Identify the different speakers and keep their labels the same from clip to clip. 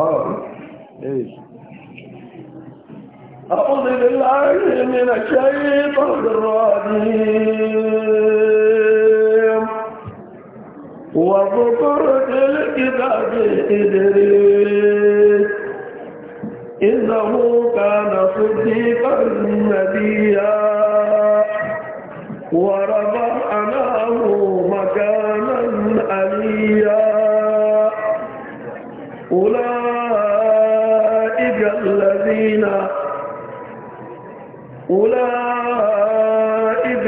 Speaker 1: قال ايش أعوذ بالله من الشيطان الرجيم وذكر في الكتاب إدريس إنه كان صديقا نبيا ورفعناه مكانا أولئك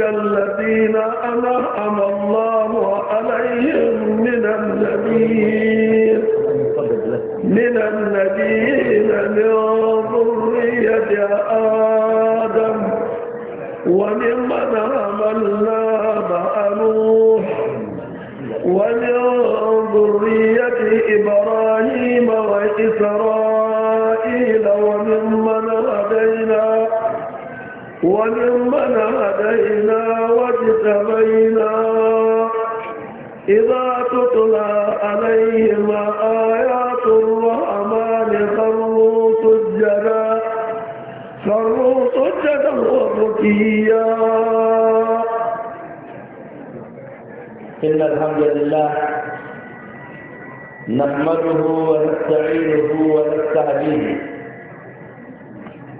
Speaker 1: الذين أنعم الله عليهم من النبيين من النبيين من ذرية آدم وممن عملنا مع نوح ومن ذرية إبراهيم وإسرائيل وممن هدينا واجتبينا إذا تطلى عليهم آيات الرحمن خروا سجدا خروا سجدا وبكيا
Speaker 2: إن الحمد لله نحمده ونستعينه ونستهديه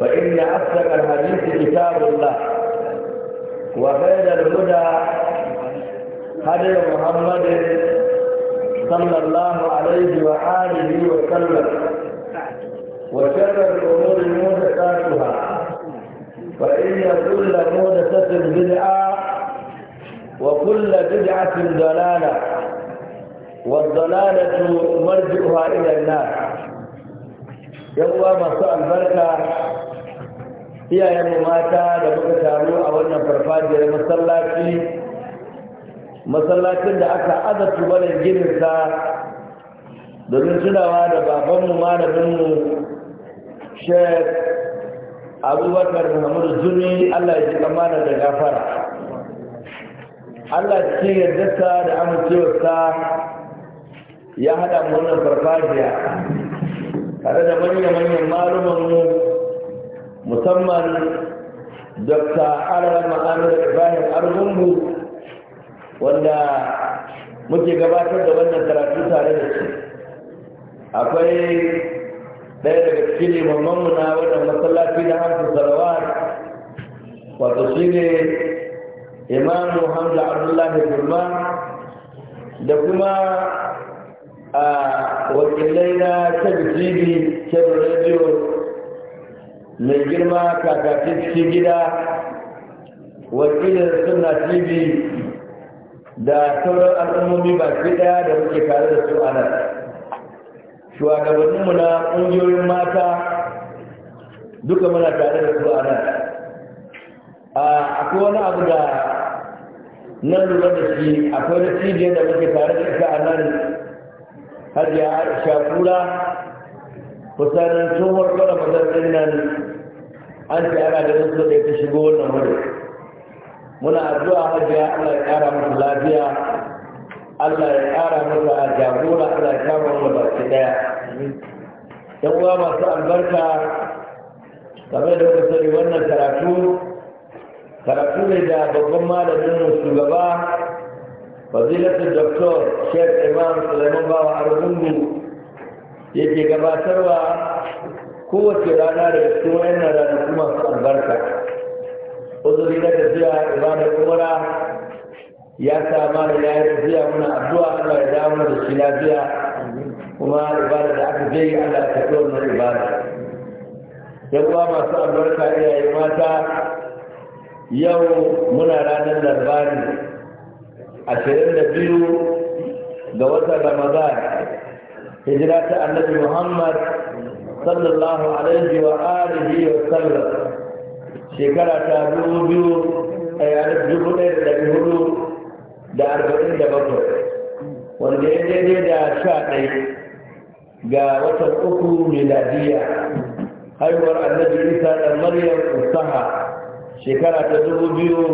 Speaker 2: فإن أصدق الحديث كتاب الله
Speaker 1: وخير الهدى
Speaker 2: هدي محمد صلى الله عليه وآله وسلم
Speaker 1: وشر الأمور
Speaker 2: محدثاتها فإن كل محدثة بدعة وكل بدعة ضلالة والضلالة مرجعها إلى النار يوم مساء البركة iyayen mata da muka taru a wannan farfajiyar masallaci masallacin da aka aza tubalin gininsa domin tunawa da babanmu malaminmu shek abubakar muhammadu zuni allah ya ji kamana da gafara allah cikin yardarsa da amincewarsa ya haɗa mu wannan farfajiya tare da manya-manyan malumanmu musamman dr Alama amir ibrahim arzungu wanda muke gabatar da wannan karatu tare da su akwai ɗaya daga cikin limamanmu na wannan masallaci na hamsin salawat wato shi ne imamu hamza abdullahi gulma da kuma a wakilai na kebbi tv kebbi radio mai girma kakakin cikin gida wakilin suna tv da sauran al'ummomi ba baki daya da muke tare da su a nan shugabanninmu na ƙungiyoyin mata duka muna tare da su a nan akwai wani abu da nan lura da shi akwai wani cibiyar da muke tare da ita a nan hajiya aisha kura kusan tsohuwar mazan mazarɗin nan an ce ana da so ɗaya ta shigo wannan wurin muna addu'a hajiya allah ya ƙara musu lafiya allah ya ƙara musu a jagora allah ya kama mu baki ɗaya yan uwa masu albarka kamar da kuka sani wannan karatu karatu ne da babban malamin mu shugaba fadilatu doctor sheikh imam sulaiman bawa argungu yake gabatarwa kowace rana daga cikin wayannan ranaku masu albarka uzuri na tafiya Ibada umara ya sama da ya tafiya muna addu'a Allah ya dawo da shi lafiya kuma ibada da aka je Allah ta karɓi ibada yan uwa masu albarka iyaye mata yau muna ranar larbani ashirin da biyu ga watan ramadan hijira ta annabi muhammad sallallahu alaihi wa alihi wa sallam shekara ta dubu biyu a eh, yanar dubu ɗaya da ɗari hudu da arba'in da bakwai wanda ya daidai da sha ɗaya ga watan uku miladiya haihuwar annabi isa da maryam usaha shekara ta dubu biyu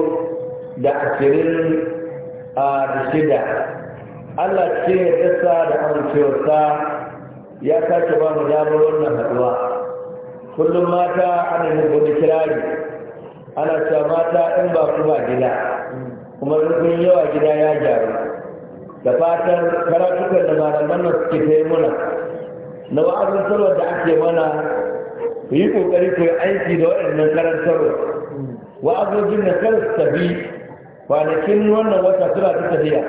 Speaker 2: da ashirin ah, a shida Allah ce ya dasa da amincewarsa ya sake ba mu damar wannan haɗuwa. kullum mata ana yin wani kirari ana cewa mata in ba kuma gida kuma rufin yawa gida ya gyaru da fatan karatukan da malaman nan suke kai muna na wa'azin sarwa da ake mana ku yi kokari ku yi aiki da waɗannan karantarwa wa'azojin na kar su tafi kwanakin wannan wata suna ta tafiya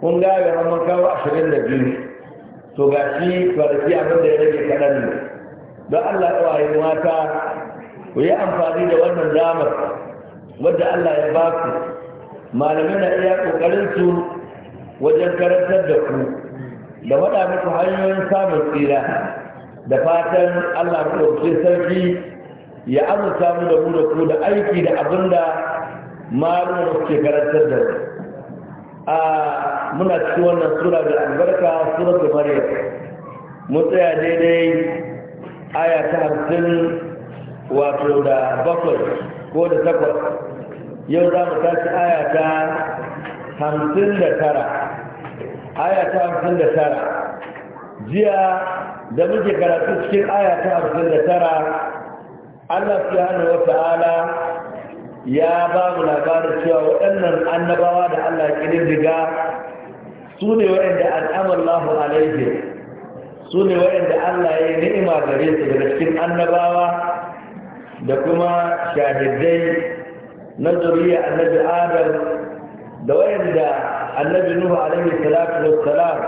Speaker 2: kun gaya ga kawo ashirin da biyu to ga shi kwanaki abin da ya rage kaɗan ne don allah ya ƙawaye mata ku yi amfani da wannan damar wadda allah ya ba ku malamai na iya su wajen karantar da ku da faɗa muku hanyoyin samun tsira da fatan allah ɗauke sarki ya amsa mu da mu da ku da aiki da abin da malamai suke karantar da ku a muna cikin wannan sura da albarka sura da mariya mun tsaya daidai aya ta hamsin wato da bakwai ko da takwas yau za mu tashi aya ta hamsin da tara aya ta hamsin da tara jiya da muke karatu cikin aya ta hamsin da tara allah subhanahu wa ta'ala ya ba mu labarin cewa waɗannan annabawa da Allah kirin riga su ne waɗanda al'amallahu alaihi su ne waɗanda Allah ya yi ni'ima gare su daga cikin annabawa da kuma shahidai na zuriya annabi Adam da waɗanda annabi Nuhu alaihi salatu wassalam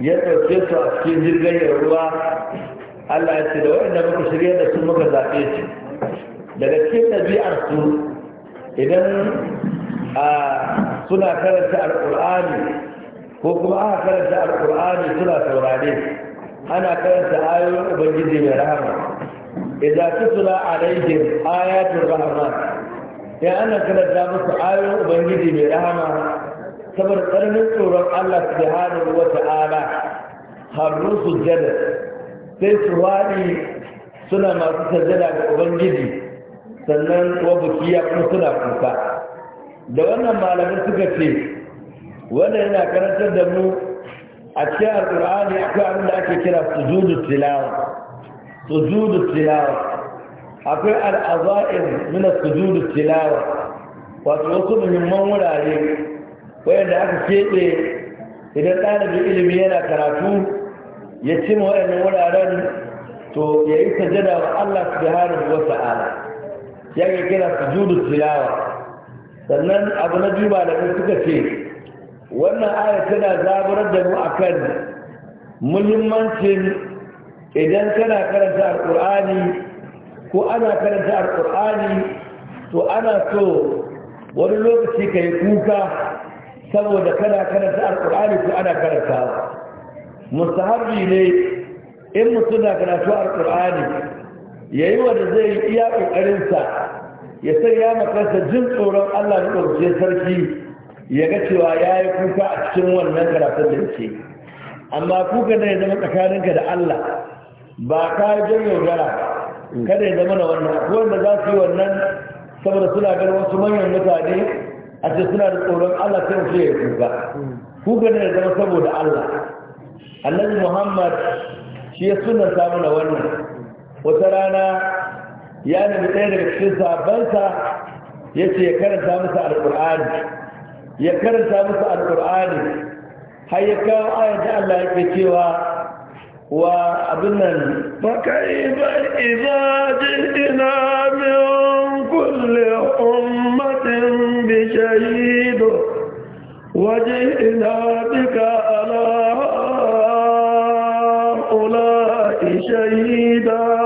Speaker 2: ya ɗauke su a cikin jirgin ruwa Allah ya ce da waɗanda muka shirya da su muka zaɓe shi. daga cikin ɗabi'ar su idan suna karanta alƙur'ani ko kuma aka karanta alƙur'ani suna saurare ana karanta ayoyin ubangiji mai rahama idza tutla alaihim ayatul rahama, ya ana karanta musu ayoyin ubangiji mai rahama saboda tsananin tsoron Allah subhanahu wa ta'ala harru sujjada sai su wani suna masu sajjada ga ubangiji sannan wabuki ya kuma suna kuka da wannan malamin suka ce wannan yana karantar da mu a cikin alkur'ani akwai abin da ake kira sujudu tilawa sujudu tilawa akwai al'azain nuna sujudu tilawa wato wasu muhimman wurare da aka keɓe idan ɗalibin ilimi yana karatu ya cima waɗannan wuraren to ya yi sajada wa Allah subhanahu wa ta'ala ya ga kira sujudu tilawa sannan abu na biyu da suka ce wannan aya tana zaburar da mu akan muhimmancin idan kana karanta alkur'ani ko ana karanta alkur'ani to ana so wani lokaci ka yi kuka saboda kana karanta alkur'ani ko ana karanta musahabi ne in mutum na karatu alkur'ani ya yi wanda zai yi iya ƙoƙarinsa ya ya makarsa jin tsoron allah da ɗauke sarki ya ga cewa ya yi kuka a cikin wannan karatun da yake amma kuka ne ya zama tsakaninka da allah ba ka jan yaudara kada ya zama na wannan wanda za su yi wannan saboda suna gani wasu manyan mutane a ce suna da tsoron allah sai ce ya kuka kuka da ya zama saboda allah annabi muhammad shi ya sunanta mana wannan wata rana ya nemi ɗaya daga cikin sabansa ya ce ya karanta musu alƙur'ani ya karanta musu alƙur'ani
Speaker 1: har ya kawo ayar da Allah ke cewa wa abin nan فكيف إذا kulle من كل ido, waje ina duka على هؤلاء شهيداً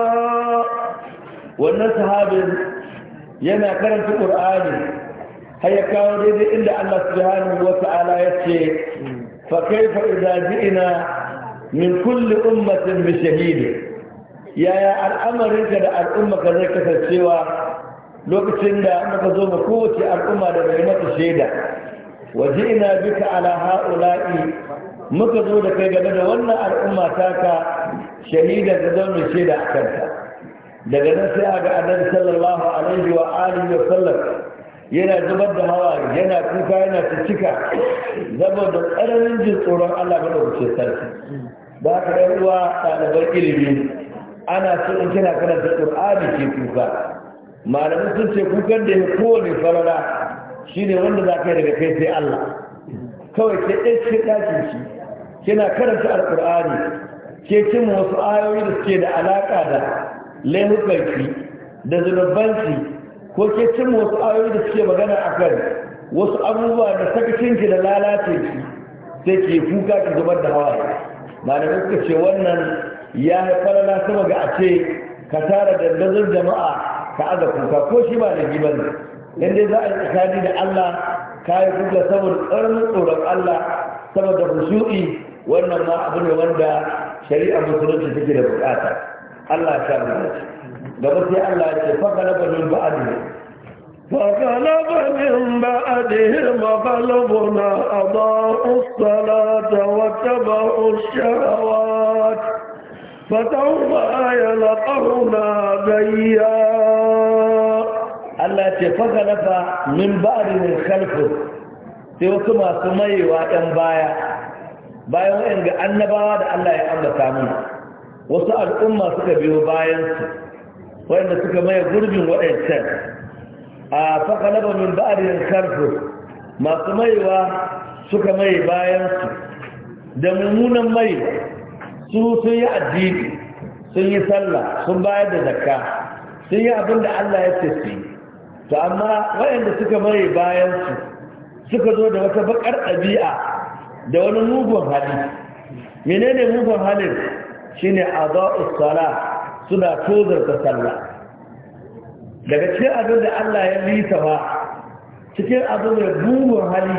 Speaker 2: wannan sahabin yana karanta ƙur'ani har ya kawo daidai inda Allah subhanahu wa ta'ala ya ce fa kaifa idza ji'na min kulli ummatin bi shahidi yaya al'amarin ka da al'umma ka zai kasancewa lokacin da muka zo mu kowace al'umma da bai mata shaida وجئنا بك على هؤلاء muka zo da kai game da wannan al'umma taka shahida da zaunin shaida a kanta daga nan sai ga annabi sallallahu alaihi wa alihi wa sallam yana zubar da hawa yana kuka yana cika zama da tsananin jin tsoron Allah dauke sarki da ruwa ɗan uwa ilimi ana so in kina karanta Qur'ani ke kuka malamin sun ce kukan da kowane farara shine wanda za ka yi daga kai sai Allah kawai ke ɗan shi ɗakin shi kina karanta alƙur'ani ke cin wasu ayoyi da suke da alaƙa da laifukanki da zunubanci ko ke cin wasu ayoyi da suke magana a kan wasu abubuwa da sakacinki da lalace sai ke kuka ki zubar da hawa malamai suka ce wannan ya haifar na sama ga a ce ka tara dandazon jama'a ka aza kuka ko shi ba da giban dai za a yi tsakani da allah ka yi kuka saboda tsarin tsoron allah saboda hushu'i wannan ma abu ne wanda shari'a musulunci take da bukata Allah ta rubuta gaba sai Allah ya ce fakala balun ba'adi
Speaker 1: فغلب من ta غلبنا أضاعوا الصلاة fa الشهوات ya يلقون غيا Allah ce
Speaker 2: fagalafa min ba'arin kalfu sai wasu masu maiwa 'yan baya bayan wa'yan ga annabawa da Allah ya ambata mu. wasu al'umma suka biyo bayansu wanda suka maye gurbin waɗancan a fakalaba min ba'adin karfi masu maiwa suka maye bayansu da mummunan mai su sun yi addini sun yi sallah sun bayar da zakka sun yi abin da allah ya tafi to amma waɗanda suka maye bayansu suka zo da wata bakar ɗabi'a da wani mugun hali menene mugun halin shine adha'us sala suna tozarta sallah daga cikin abin da Allah ya lita ba cikin abin da bugun hali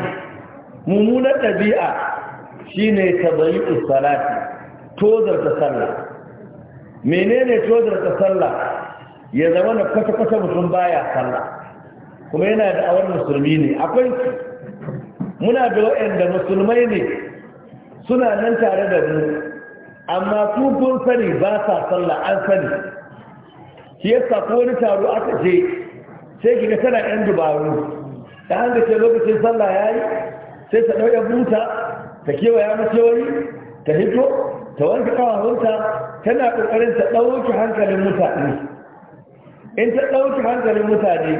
Speaker 2: mummunar ɗabi'a shine tadayyus salati tozarta sallah menene tozarta sallah ya zama na kwata-kwata mutum baya sallah kuma yana da awar musulmi ne akwai muna da waɗanda musulmai ne suna nan tare da mu amma tukun sani ba sa sallah an sani shi yasa ko wani taro aka ce. sai kiga tana yan dubaru ta hanga ce lokacin sallah yayi sai ta dauya buta ta kewaya makewayi ta hito ta wanke kawahunta tana ƙoƙarin ta ɗauki hankalin mutane in ta ɗauki hankalin mutane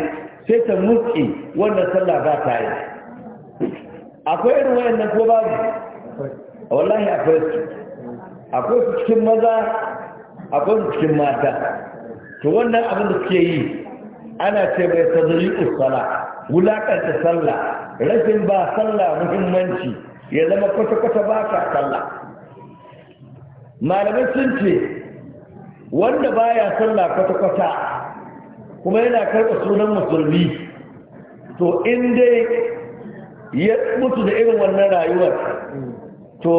Speaker 2: sai ta muke wannan sallah ba ta yi akwai irin wayannan ko babu wallahi akwai su akwai su cikin maza akwai su cikin mata to wannan abin da suke yi ana ce mai sadari usala wulakanta sallah rashin ba sallah muhimmanci ya zama kwata-kwata ba ka sallah malamai sun ce wanda baya sallah kwata-kwata kuma yana karɓa sunan musulmi to in dai ya mutu da irin wannan rayuwar to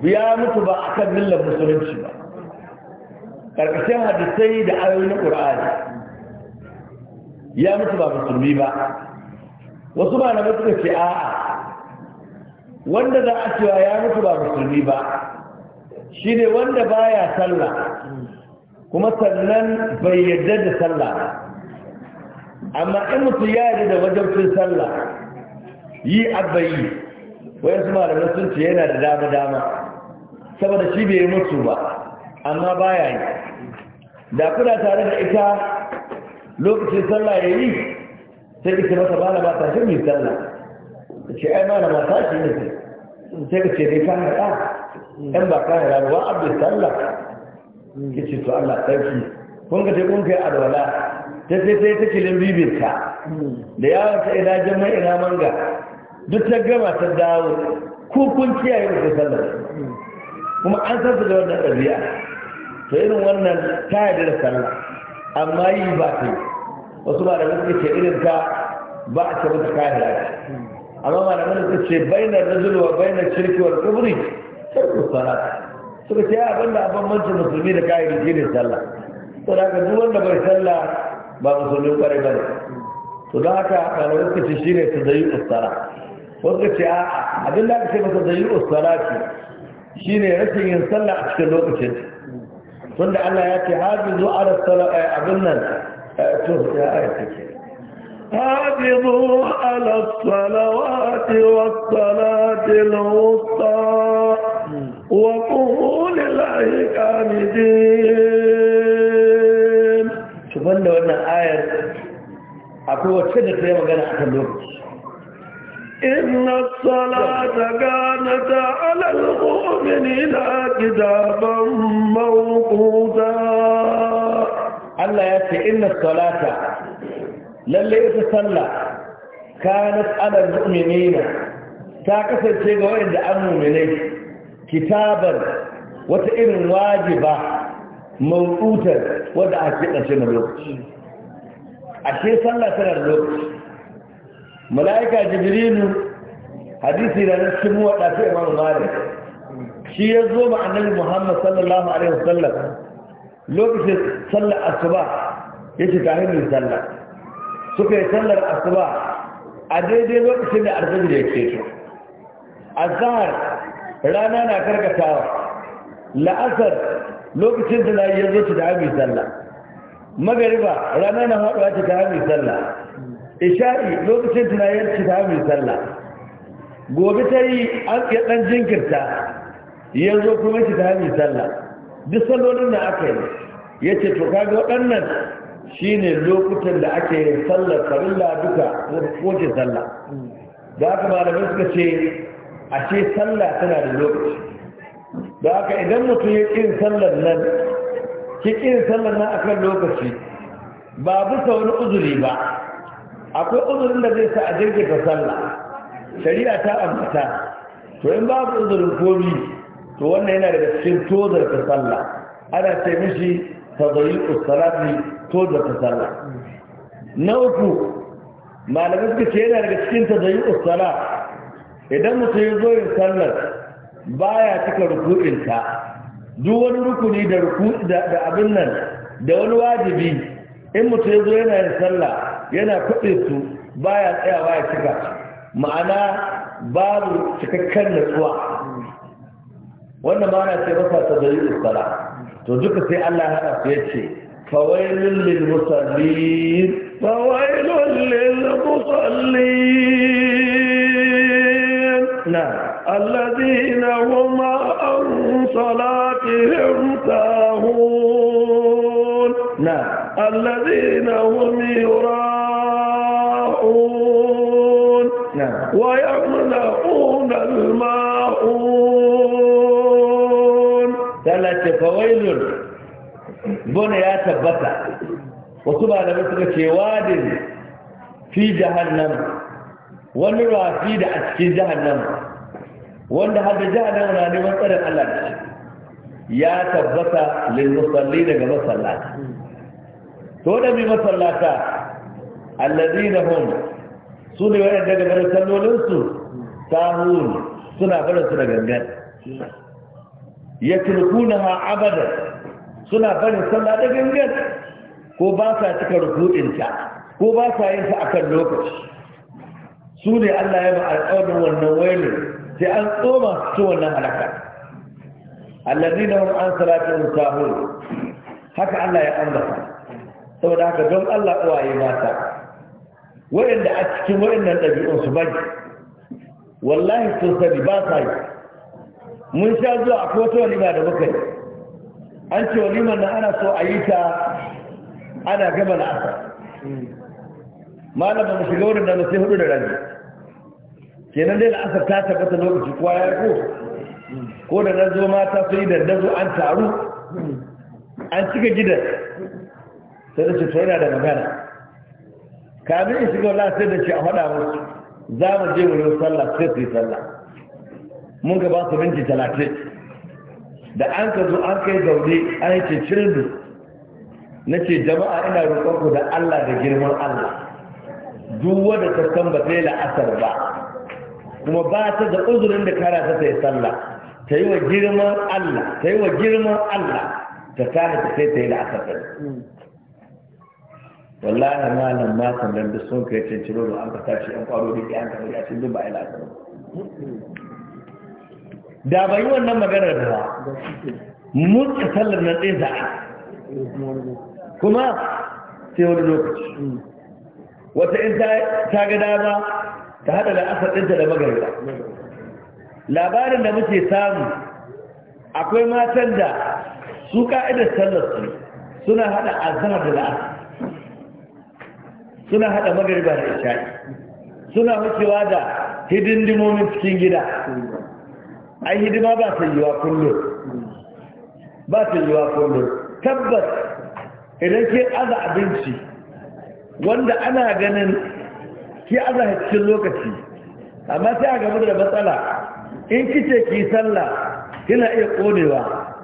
Speaker 2: biya mutu ba a kan millar musulunci ba ƙarƙashin hadisai da ayoyin ƙur'ani ya mutu ba musulmi ba wasu ba na mutu ce a'a wanda za a cewa ya mutu ba musulmi ba shi ne wanda baya sallah kuma sannan bai yarda da sallah amma in mutu ya yarda da wajabcin sallah yi abayi wayan su malamai sun ce yana da dama dama saboda shi bai mutu ba amma baya yi da kuna tare da ita lokacin sallah ya yi sai ita masa malama ta shi mai sallah da ce ai mana ta shi ne sai ka ce dai ka haɗa ɗan ba ka haɗa ba abin sallah ki ce su Allah sarki kun ga kun kai alwala ta sai sai ta kilin bibinta da yawon ta ina jama'a ina manga duk ta gama ta dawo ko kun kiyaye da sallar kuma an san su da wannan ɗabi'a to irin wannan ta yi da sallah amma yi ba ta wasu ba da suka ce irin ta ba a ce mata kayan da amma malaman suka ce bainar rajul wa bainar shirki wa kubri tarku salat suka ce abin da abin mancin musulmi da kayan da ne sallah to da haka duk wanda bai sallah ba musulmi kwarai ba ne to don haka malaman suka ce shi ne su yi ustara wasu ce a'a abin da aka ce masa zayyu salati shine rashin yin sallah a cikin lokacin tunda Allah ya ce hafizu ala a eh, abin nan eh, to ya aya take
Speaker 1: حافظوا wa الصلوات والصلاة الوسطى وقوموا لله قانتين شوفان لو أن da ta yi في
Speaker 2: a أكل lokaci.
Speaker 1: إن الصلاة كانت على المؤمنين كتابا موقوتا الله يأتي إن الصلاة للي يتصلى
Speaker 2: كانت على المؤمنين تاكسر شيء وإن المؤمنين كتابا وتئن واجبا موقوتا ودعا كتنا شنو الوقت أشي صلى ترى الوقت mala'ika jibrilu hadisi da na waɗa ta imam malik shi ya zo ma annabi muhammad sallallahu alaihi wasallam lokacin sallar asuba ya ce ta hanyar sallah suka yi sallar asuba a daidai lokacin da arziki da ya ceto azhar rana na karkatawa la'asar lokacin da na yi yanzu ta hanyar sallah magariba rana na haɗuwa ta hanyar sallah isha'i lokacin tunayen ci ta mai sallah gobe ta yi an ɗan jinkirta yanzu kuma ci ta mai sallah duk sallolin da aka yi ya ce to kaga waɗannan shi ne lokutan da ake yin sallar farilla duka wace sallah da aka malamai suka ce a ce sallah tana da lokaci da aka idan mutum ya ƙin tsallar nan ki ƙin tsallar nan akan lokaci ba bisa wani uzuri ba akwai uzurin da zai sa a jirgita sallah shari'a ta ambata to in babu uzurin komi to wannan yana daga cikin tozar ta sallah ana ce mishi tadayiqu salati tozar ta sallah na uku malamai suka ce yana daga cikin tadayiqu ustara idan mutum ya zo yin sallar baya cika ruku'inta duk wani rukuni da da abin nan da wani wajibi in mutum ya zo yana yin sallah yana faɗe su baya tsayawa ya cika ma'ana babu cikakken natsuwa wannan ma'ana sai ce masa ta zai usala to duka sai Allah ya haɗa su
Speaker 1: ya ce fawailun lil musallin fawailun lil musallin na alladina huma an salatihim sahun na alladina hum yura الماعون ويمنعون الماعون
Speaker 2: ثلاثة فويل بني يا تبتا وتبع لبسك في واد في جهنم ونرى في دعت في جهنم wanda hada jahannama na neman tsarin Allah ya tabbata lil musalli daga masallata to masallata allazina hum su ne wa'anda daga garin sallolinsu sahun suna barin su da gangan ya turkuna ha abada suna barin sallah da gangan ko ba sa cika rukuninta ko ba sa yin sa akan lokaci su ne Allah ya ba alƙawarin wannan wailin sai an tsoma su wannan halaka allazina hum an salatu sahun haka Allah ya ambata saboda haka don Allah uwaye mata waɗanda a cikin waɗannan ɗabi'un su bari wallahi sun sani ba sa yi mun sha zuwa a kowace walima da muka yi an ce waliman na ana so a yi ta ana gaba la'asa. malama mu shiga wurin da nan sai hudu da rani kenan dai la'asar ta tabbata lokaci kuwa ya ko ko da na zo mata yi da dandazo an taru an cika gidan sai da ce yana da magana kafin in shiga wala sai da shi a faɗa musu za mu je wurin sallah sai su yi sallah mun ga ba su minti talatin da an ka zo an kai zaune an yi cicirdu na ce jama'a ina rukanku da allah da girman allah duk wanda ta san ba sai la'asar ba kuma ba ta da uzurin da kara ta sai sallah ta yi wa girman allah ta yi wa girman allah ta kare ta sai ta yi la'asar wallahi malam ma sandan da sun kai cin ciro an ka tashi an kwaro da an kamar ya cin dubai la asar da bai yi wannan maganar da ba mun ka sallar na tsaye za kuma sai wani lokaci wata in ta ga dama ta hada da asar ɗinta da magarba labarin da muke samu akwai matan da su ka'idar sallar su suna hada azhar da la'asar suna haɗa magariba da isha'i suna hukewa da hidin dimomin cikin gida ai hidima ba ta yiwa kullum ba ta yiwa kullum tabbas idan ke aza abinci wanda ana ganin ke aza cikin lokaci amma sai a gaba da matsala in kice ki sallah kina iya konewa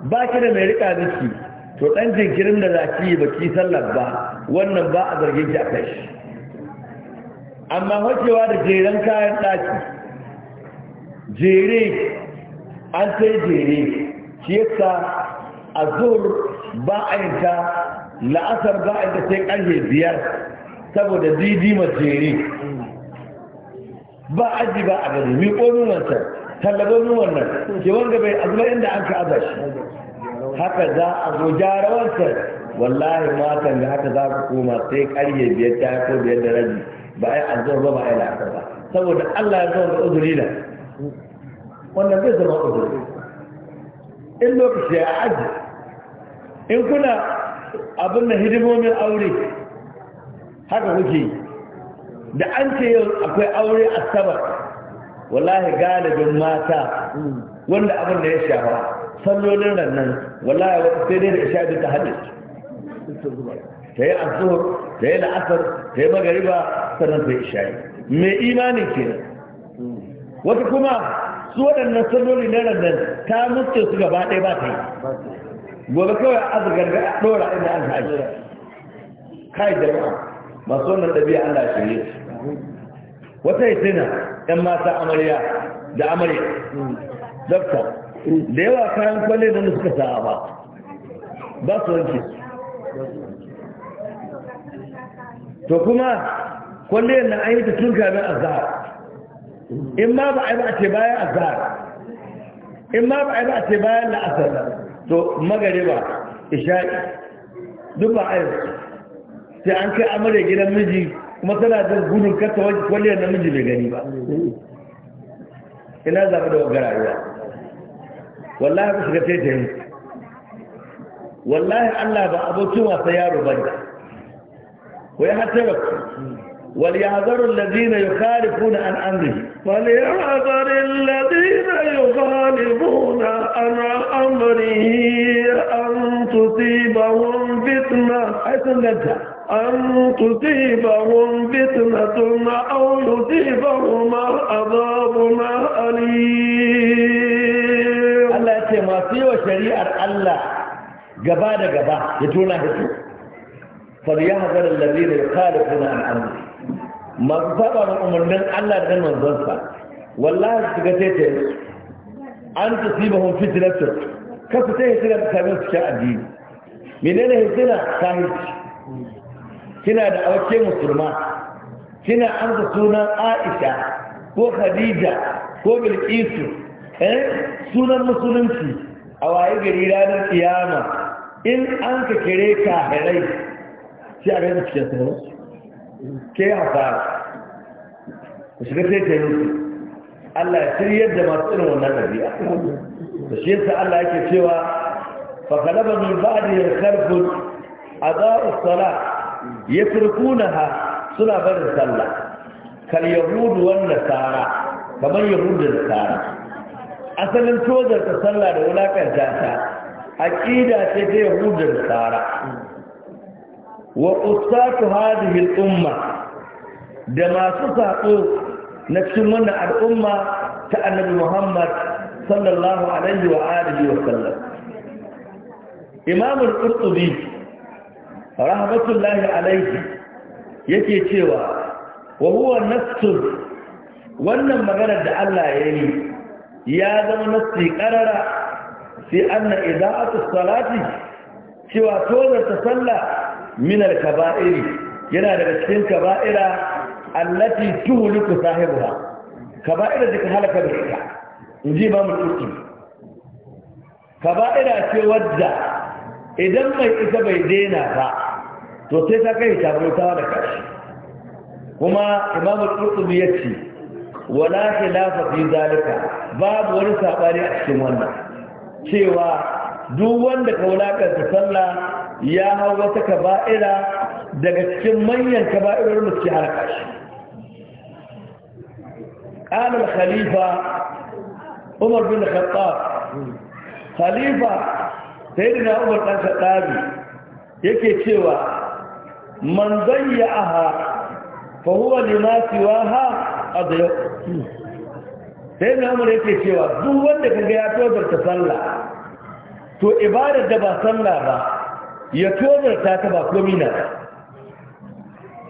Speaker 2: ba ki da mai rika miki to dan jinkirin da zaki ba ki sallar ba wannan ba a zargin ki a akai amma wacewa da jeren kayan ɗaki jere an sai jere shi yasa a zuwar ba ta la'asar ba ta sai ƙarfe biyar saboda didimar jere ba aji ba a gani mi ƙonu wancan tallabar wannan ke wanda bai azumar inda an ka aza shi haka za a zo gyara wancan wallahi matan da haka za ku koma sai karye biyar ta ko biyar da rabi ba a yi azhar ba ba a yi la'asar ba saboda Allah ya zama da uzuri da wannan bai zama uzuri in lokaci ya aji in kuna abin da hidimomin aure haka kuke da an ce yau akwai aure asabar wallahi galibin mata wanda abin da ya shafa sallolin nan wallahi wata sai dai da isha duka hadisi
Speaker 1: ta yi azur ta yi
Speaker 2: la'asar ta yi magariba sannan ta yi isha'i mai imani kenan wata kuma su waɗannan sanoli na rannan ta muske su gaba ɗaya ba ta yi gobe kawai azurgar ga ɗora inda an haji kai ma masu wannan ɗabi'a Allah shirye wata yi tsina ‘yan mata amarya da amarya dokta da yawa kayan kwalle da suka sa'a ba
Speaker 1: ba su wanke su to kuma kwalliyar
Speaker 2: na ta tun kamin azhar in ma ba a yi ba a ce bayan azhar in ma ba a yi ba a ce bayan la'asar to magariba isha'i duk ba a yi sai an kai amarya gidan miji kuma tana da gudun kasa kwalliyar yana miji bai gani ba ina zaɓi da wa ba, wallahi ku shiga taitayin والله Allah ba abokin wasa yaro bane ko الذين
Speaker 1: يخالفون عن أمره وليعذر الذين يخالفون عن أمره أن تصيبهم فتنة حيث النجا أن تصيبهم فتنة أو يصيبهم عذاب أليم الله يتماسي وشريعة الله gaba da gaba ya tona
Speaker 2: da su فليحذر الذين يخالفون عن امره Masu سبا na umarnin Allah da nan sa wallahi su ga tete an ta hunfi fitnatun kasu ta yi. hisira ta min su addini menene hisira ta yi? kina da awake musulma kina an ta sunan Aisha ko Khadija ko Bilkisu eh sunan musulunci a waye gari ranar kiyama in an ka kire ka harai sai a gaisa cikin sanar ke fara. ku shiga sai ke nufi Allah ya shiryar yadda masu irin wannan ɗabi'a da shi yasa Allah yake cewa fa kalaba a ba'di khalfun ya salat ha? suna barin sallah kal yahudu wannan tsara. kamar yahudu da tsara. asalin tozar ta sallah da wulakar ta Aqida ce ta yahudar tsara wa ustatu hadhihi al-umma da masu sako na cikin wannan al'umma ta annabi Muhammad sallallahu alaihi wa alihi wa sallam Imam al-Qurtubi rahmatullahi alaihi yake cewa wa huwa nafsu wannan maganar da Allah ya yi ya zama nafsi qarara Sai fi idan ida'atu salati cewa tozarta sallah min al-kaba'iri yana daga cikin kaba'ira allati tuhliku sahibiha kaba'ira da ka halaka da ita inji ba mutuki kaba'ira ce wadda idan mai ita bai daina ba to sai ta kai ta bauta da kashi kuma imam al-qurtubi ce, wala khilafa fi zalika babu wani sabani a cikin wannan cewa duk wanda ka wulakanta sallah ya hau wata kaba'ira daga cikin manyan kaba'irar da suke shi ƙanar khalifa umar bin khattab khalifa sai da na umar ɗan khattabi yake cewa man yi aha fa huwa wa ha a da yau sai na amur yake cewa duk wanda kaga ya tozarta sallah to ibadar da ba sallah ba ya tozarta ta ba komi na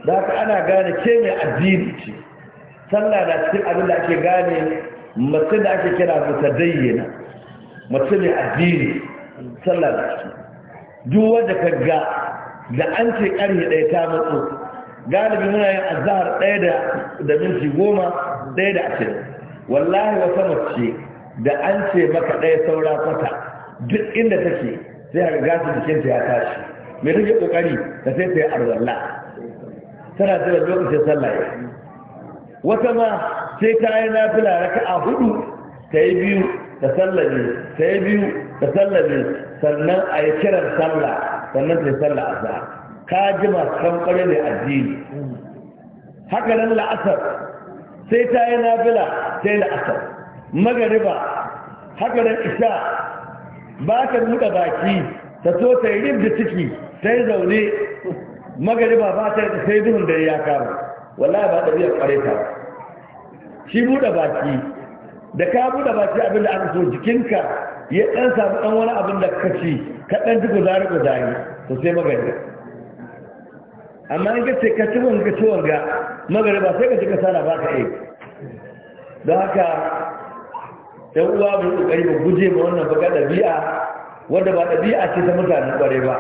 Speaker 2: da ka ana gane ke mai addini ce sallah na cikin abin da ake gane mace da ake kira dayyana mace mai addini sallah na ciki duk wanda kaga da an ce karni ɗaya ta matso galibi muna yin azahar ɗaya da minti goma ɗaya da ashirin wallahi wata mace da an ce maka ɗaya saura kwata duk inda take sai a jikin ta ya tashi mai take kokari da sai ta yi arzalla tana da lokacin sallah wata ma sai ta yi fila raka a hudu ta yi biyu da sallame ta yi biyu da sallame sannan a yi kiran salla, sannan ta yi sallah a ka ji masu kamfani ne addini haka nan la'asar sai ta yi nafila sai da la'asar magariba haka da isha ba ta buɗe baki ta so ta yi rib ciki ta yi zaune magariba ba ta sai duhun da ya kama wallahi ba ɗabi'ar ƙware ta shi buɗe baki da ka buɗe baki abin da aka so jikinka ya ɗan samu ɗan wani abin da ka ci ka ɗan ji guzari guzari to sai magariba amma in ka ce ka ci wanga ci wanga magariba sai ka cika sana ba ka yi don haka ɗan uwa mai ƙoƙari ba guje ma wannan baka ɗabi'a wadda ba ɗabi'a ce ta mutanen ƙware ba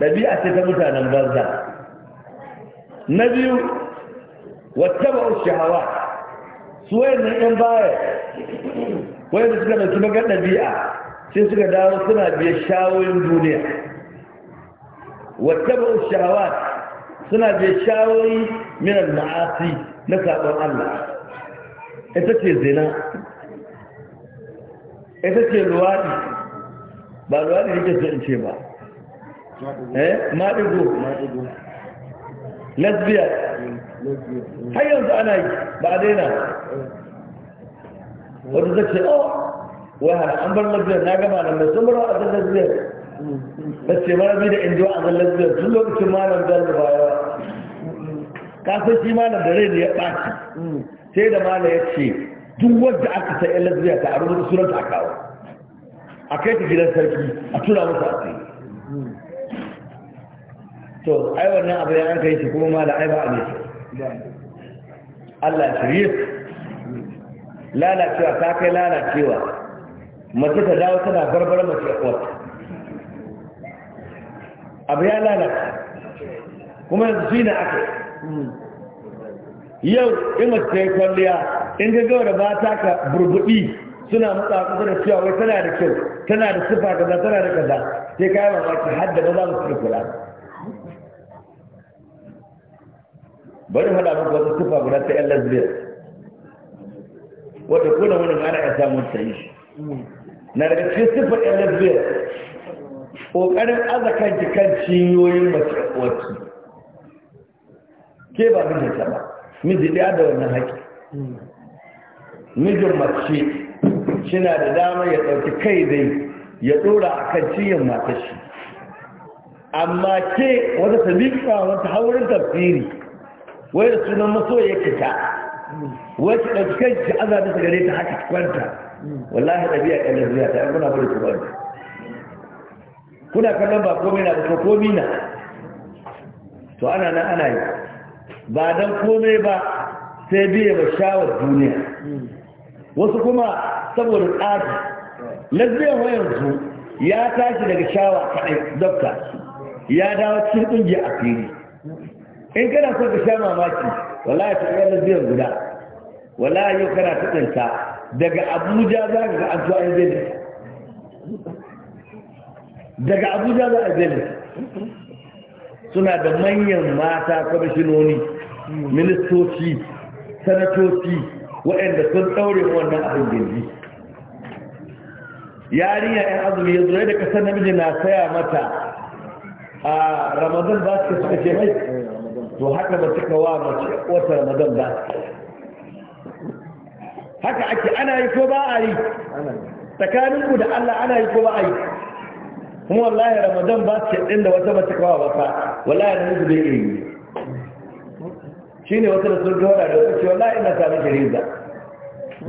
Speaker 2: ɗabi'a ce ta mutanen banza na biyu wata ba shahawa su nan ɗan baya da suka ɗauki baka ɗabi'a sai suka dawo suna biya shawoyin duniya wata ba hawa suna biya shawoyi minan ma'asi na sabon Allah ita ce zina ita ce luwaɗi. ba luwadi yake so in ce ba
Speaker 1: eh maɗigo
Speaker 2: lesbian har yanzu ana yi ba a daina wata ta ce oh wahana an bar lesbian na gama da mai samar a zan lesbian ta ce mara bi da indiya a zan lesbian tun lokacin malam zan da bayawa kasan shi malam da rai da ya ɓaci mm. sai da malam ya ce duk wanda aka sai yan lesbiya ta a rubuta sunanta a kawo a kai ta gidan sarki a tura musu a tsaye mm. to ai wannan abu ya an kai shi kuma malam ai ba a nesa Allah shirye lalacewa ta kai lalacewa mace ta dawo tana barbara mace a kwata abu ya lalace kuma yanzu shi ne aka yi yau in ce yi kwalliya in ga gaura da ba ta ka burbuɗi suna matsa kusa da cewa wai tana da kyau tana da sifa kaza tana da kaza sai kayan mamaki har da mu musu kula bari hada muku wata sifa guda ta yan lesbian wadda kuna wani ana ya samu ta yi na daga cikin sifar yan lesbian ƙoƙarin aza kanki kan cinyoyin mace wacce ke ba ta ba miji ɗaya da wannan haƙƙi mijin mace shina da dama ya ɗauki kai dai ya ɗora a kan ciyin matar shi amma ke wata sabiƙa wata haurin tafsiri wai da sunan maso ya kita wai ki ɗauki kai ki azabi ta gare ta haka kwanta wallahi ɗabi'a ɗan zuya ta kuna bari ku bari kuna kallon ba komai na ba ko komai na to ana nan ana yi ba don komai ba sai biya ba shawar duniya wasu kuma saboda tsari lesbian wayansu ya tashi daga shawa kaɗai dokta ya dawo cikin ƙungiyar a fili in kana so ka sha mamaki ya ta ɗaya lesbian guda wala ya yau kana ta ɗanta daga abuja za ka ga an zuwa daga abuja za a zai suna da manyan mata kwamishinoni ministoci sanatoci waɗanda sun ɗaure wannan abin gindi yarinya yan azumi ya zuwa da kasar namiji na saya mata a ramadan ba su suka ce mai
Speaker 1: to haka ba suka wa mace wata ramadan ba
Speaker 2: haka ake ana yi ko ba a yi tsakaninku da allah ana yi ko ba a yi kuma wallahi ramadan ba su ɗin da wata mace kawa ba fa wallahi da musu bai iri ne wata da sun gawara da wuce, wallahi ina sami shiriza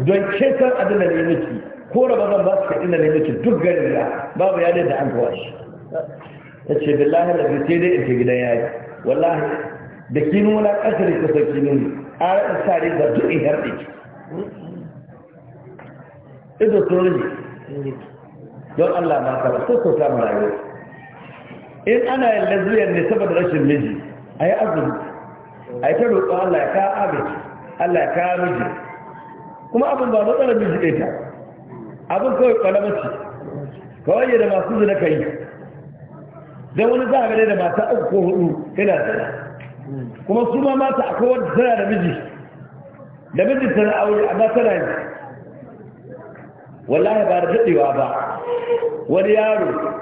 Speaker 2: don kesan abin da ne miki ko ramadan ba su ɗin da ne miki duk gari da babu yadda da an kawo shi ta ce billahi da zai sai dai in ce gidan yaji wallahi da kinu wala ƙasar ka sa kinu ne a raɗa sare da duk in harɗe ido turne don Allah ma sai ko mu rayuwa in ana yin lesbian ne saboda rashin miji a yi azumi a yi ta roƙo Allah ya kawo abinci Allah ya kawo miji kuma abin ba matsala miji ɗaya ta abin kawai kwalamaci kawai da masu zina ka yi don wani za a gane da mata uku ko hudu yana zina kuma su ma mata akwai wanda tana da miji da miji tana aure amma tana yi wallahi ba da daɗewa ba wani yaro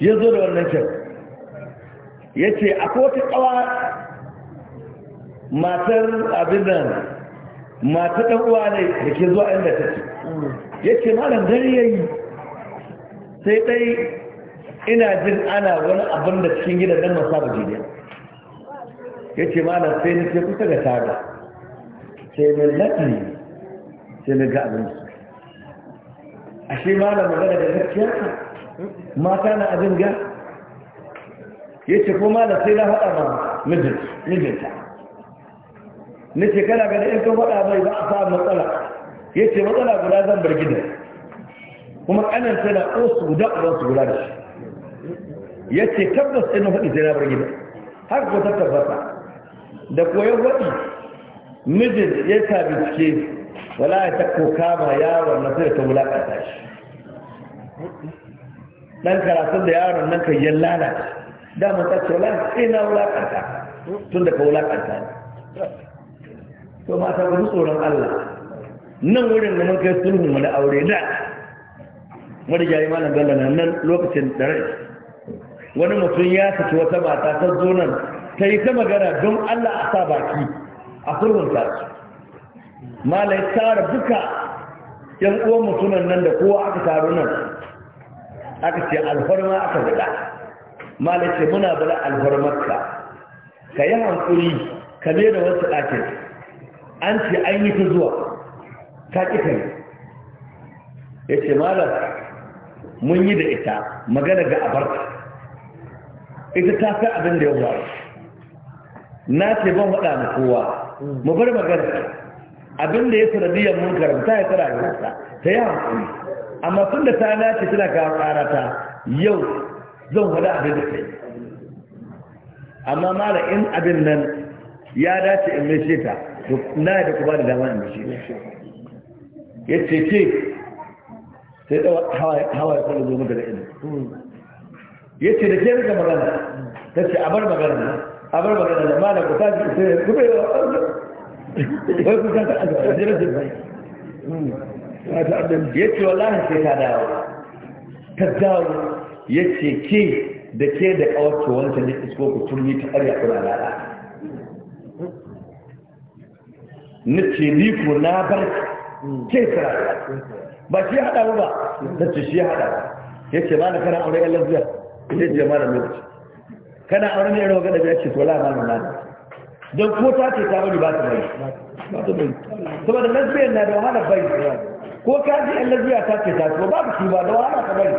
Speaker 2: ya zo da wannan kyau ya ce akwai wata kawa matar abin da mata ɗan ne da ke zuwa inda ta ce ya ce malam gari ya yi sai dai ina jin ana wani abin da cikin gidan nan masu abu jiniya ya ce malam sai ni ce kusa ga taga sai mai latin sai na ga abin su ashe ma na magana da Ma mata na abin ga ya ce ko na sai na haɗa ba mijinta na ce kana gani in ka haɗa mai ba a samu matsala ya ce matsala guda zan bar gida. kuma ƙanan na ƙosu guda ƙuransu guda da shi ya ce tabbas ɗin faɗi sai na bar gida. har ko ta tabbata da koyon haɗi mijin ya tabi cike wala ya tako kama yaron na sai ta wulakanta shi dan karatun da yaron nan kai yan lalata dama ta ce wala sai na wulakanta tun da ka ne. to mata ku tsoron Allah nan wurin da mun kai sulhu mu da aure da mu da yayi malam galla nan nan lokacin da rai wani mutum ya saki wata mata ta zo nan ta yi ta magana don Allah a sa baki a sulhunta su mala ya tara duka yan uwan mutunan nan da kowa aka taru nan aka ce alfarma aka bada mala ce muna bala alfarmarka ka yi hankuri ka da wasu ɗakin an ce an yi ta zuwa ta ƙi ta yi ya ce malar mun yi da ita magana ga abarta ita ta fi abin da ya wari na ce ban waɗa na kowa mu bar magana abin da ya sanadiyar munkarin ta yi tsara garinsa ta yi hankali amma sun da ta nace tana kawo karata yau zan wada abin da kai amma mara in abin nan ya dace in mai sheta na yi da kuma da dama in mai sheta ya ce ce sai da hawa ya kwallo zuwa da ilimi ya ce da ke rika magana ta ce a bar magana a bar magana da malam ku ta ce ku bai wai ku ta taɓa ya ce wallahi sai ta dawo ta dawo ya ce ke da ke da ƙawarce wancan ya isko ku tun ta ƙarya kuna lada na ce ni ku na bar ke sara ba shi ya haɗa ba Na ce shi ya haɗa ya ce ma na kana aure yan lafiyar ya ce ma da lokaci kana aure ne irin wa gada ya ce to la ma na don ko ta ce ta bari ba ta bari saboda lesbian na da wahala bari ko ka ji yan lesbian ta ce ta tuba babu ba da wahala ta bari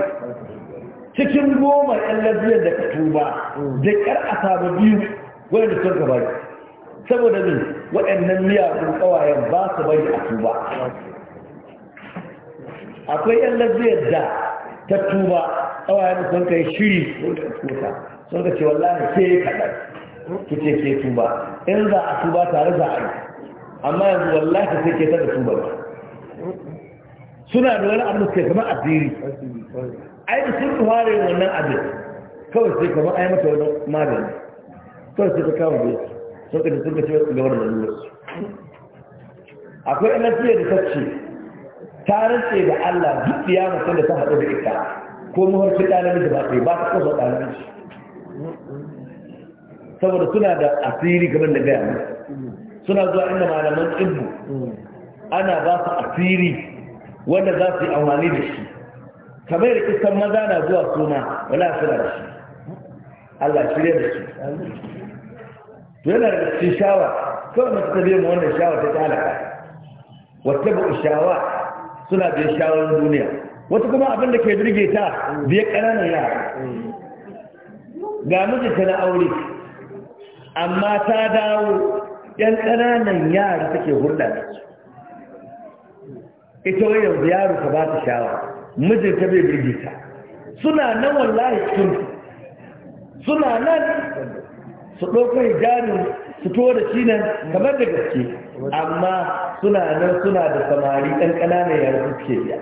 Speaker 2: cikin goma yan lesbian da ka tuba da kyar a sabu biyu da sun ka bari saboda min waɗannan miyagun ƙawayen ba su bari a tuba akwai yan lesbian da ta tuba ƙawayen sun kai shiri sun ka cewa wallahi sai kaɗan ki ke tuba in za a tuba tare za a yi amma yanzu wallahi sai ke tada tuba ba suna da wani abu kama kamar asiri ai da sun fara yin wannan abin kawai sai kamar ai mata wani magani kawai sai ta kawo da sun kace sun kace wasu ga wannan lalurarsu akwai ɗan lafiya da ta ce ta rantse da Allah duk ya mutum da ta haɗu da ita ko maharci ɗan da ba sai ba ta kasa ɗan namiji saboda suna da asiri kamar da gaya suna zuwa inda malaman ilmu ana ba su asiri wanda za su yi amfani da shi kamar da kisan maza na zuwa suna wala suna da shi Allah shirya da shi to yana da cikin shawa kawai masu tabi mu wannan shawa ta talaka wata ba shawa suna biyan shawarar duniya wata kuma abin da ke birge ta biya ƙananan yara ga mijinta na aure amma ta dawo yan ƙananan yara take hulɗa da su ita wai yanzu yaro ta ba ta shawa mijinta bai birgita. suna nan wallahi sun suna nan su ɗauka hijabin su to da shi nan kamar da gaske amma suna nan suna da samari ɗan ƙananan yara suke biya